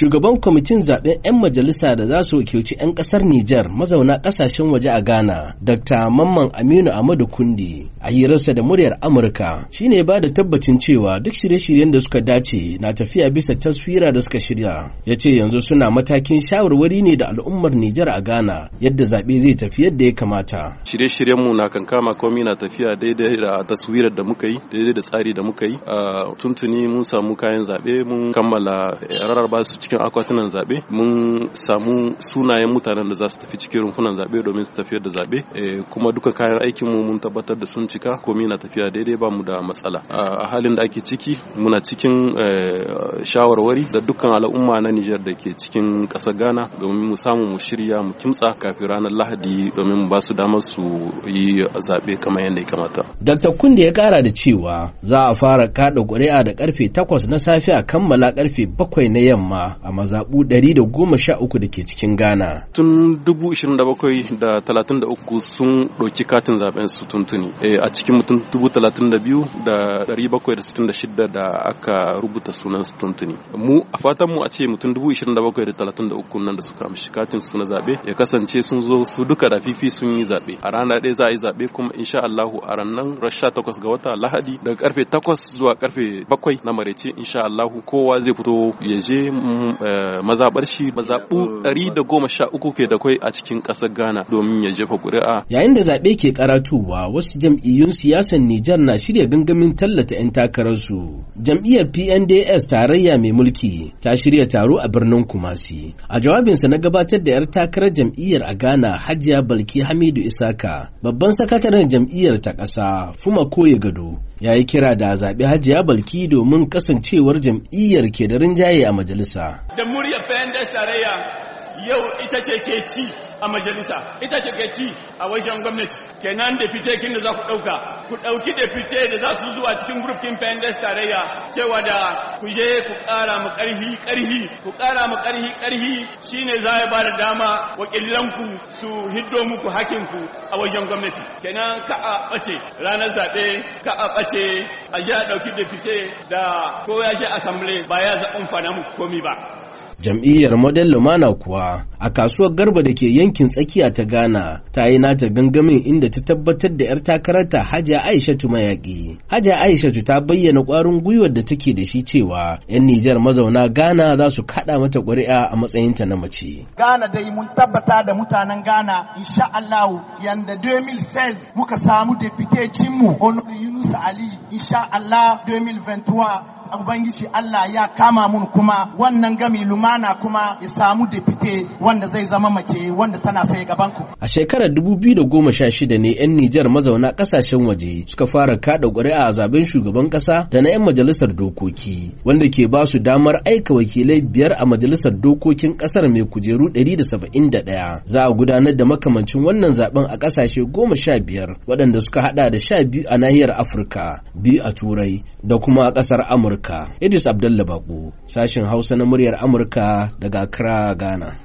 shugaban kwamitin zaben 'yan majalisa da za su wakilci 'yan kasar Nijar mazauna kasashen waje a Ghana, Dr. Mamman Aminu Amadu Kundi, a hirarsa da muryar Amurka, shi ne ba da tabbacin cewa duk shirye-shiryen da suka dace na tafiya bisa taswira da suka shirya. Ya ce yanzu suna matakin shawarwari ne da al'ummar Nijar a Ghana yadda zaɓe zai tafi yadda ya kamata. Shirye-shiryenmu na kan kama komi na tafiya daidai da taswirar da muka yi, daidai da tsari da muka yi. tuntuni mun samu kayan zaɓe mun kammala eh, rarar basu cikin akwatunan zaɓe mun samu sunayen mutanen da za su tafi cikin rumfunan zaɓe domin su tafiyar da zaɓe eh, kuma duka kayan aikin mu mun tabbatar da sun cika komai na tafiya daidai ba mu da matsala a halin da ake ciki muna cikin eh, shawarwari da dukkan al'umma na Nijar da ke cikin ƙasar Ghana domin mu samu mu shirya mu kimtsa kafin ranar Lahadi domin mu ba su damar su yi zaɓe kamar yadda ya kamata. Dr. Kunde ya ƙara da cewa za a fara kaɗa ƙuri'a da ƙarfe takwas na safe a kammala ƙarfe bakwai na yamma a mazaɓu 113 da ke cikin Ghana. Tun 27,033 da 33 sun ɗauki katin zaben su tuntuni. Eh, a cikin mutum 32,000 da 766 da aka rubuta sunan su tuntuni. Mu a fatan mu a ce mutum 33 nan da suka amshi katin su na zaɓe ya kasance sun zo su duka da fifi sun yi zaɓe. A rana ɗaya za a yi zaɓe kuma insha Allahu a ranar takwas ga wata Lahadi daga karfe 8 zuwa karfe 7 na in insha Allahu kowa zai fito ya je Eh, mazabar shi mazaɓu 113 ke da kwai a cikin ƙasar Ghana domin ya jefa ƙuri'a. Yayin da zaɓe ke karatuwa wasu jam'iyyun siyasar Nijar na shirya gangamin tallata 'yan takararsu. Jam'iyyar PNDS tarayya mai mulki ta shirya taro a birnin Kumasi. A jawabinsa na gabatar da 'yar takarar jam'iyyar a Ghana Hajiya Balki Hamidu Isaka babban sakataren jam'iyyar ta ƙasa Fuma Koye Gado ya yi kira da zaɓi hajiya balki domin kasancewar jam'iyyar ke da rinjaye a majalisa. Da muryar bayan tarayya yau ita ce ke ci. a majalisa ita ce ci a wajen gwamnati kenan da fice kin da za ku ɗauka ku ɗauki da fice da za su zuwa cikin grup kin pendes tarayya cewa da ku je ku ƙara mu ƙarhi ƙarhi ku ƙara mu ƙarhi ƙarhi shine za ya ba da dama wakilanku su hiddo muku ku a wajen gwamnati kenan ka a ɓace ranar zaɓe ka a ɓace a ya ɗauki da fice da ko ya je assembly ba ya zaɓin fana muku komi ba Jam'iyyar Model Lumana kuwa a kasuwar Garba da ke yankin tsakiya ta Ghana ta yi nata gangamin inda ta tabbatar da 'yar takararta Hajiya Aishatu mayaƙi. Hajiya Aishatu ta bayyana ƙwarin gwiwar da take da shi cewa 'yan Nijar mazauna Ghana za su kaɗa mata ƙuri'a a matsayinta na mace. Ghana dai mun tabbata da mutanen Ghana insha Allah yanda 2016 muka samu deputecinmu Honorable Yunus Ali insha Allah 2021 ubangiji Allah ya kama mun kuma wannan gami lumana kuma ya samu dafite wanda zai zama mace wanda tana sai gaban ku a shekarar 2016 ne yan Nijar mazauna kasashen waje suka fara kada ƙuri'a a zaben shugaban ƙasa da na yan majalisar dokoki wanda ke ba su damar aika wakilai biyar a majalisar dokokin ƙasar mai kujeru 171 za a gudanar da makamancin wannan zaben a ƙasashe goma sha biyar waɗanda suka haɗa da sha biyu a nahiyar afirka biyu a turai da kuma a ƙasar amurka Amurka. Idris Abdullah Bako, sashin Hausa na muryar Amurka daga Accra, Ghana.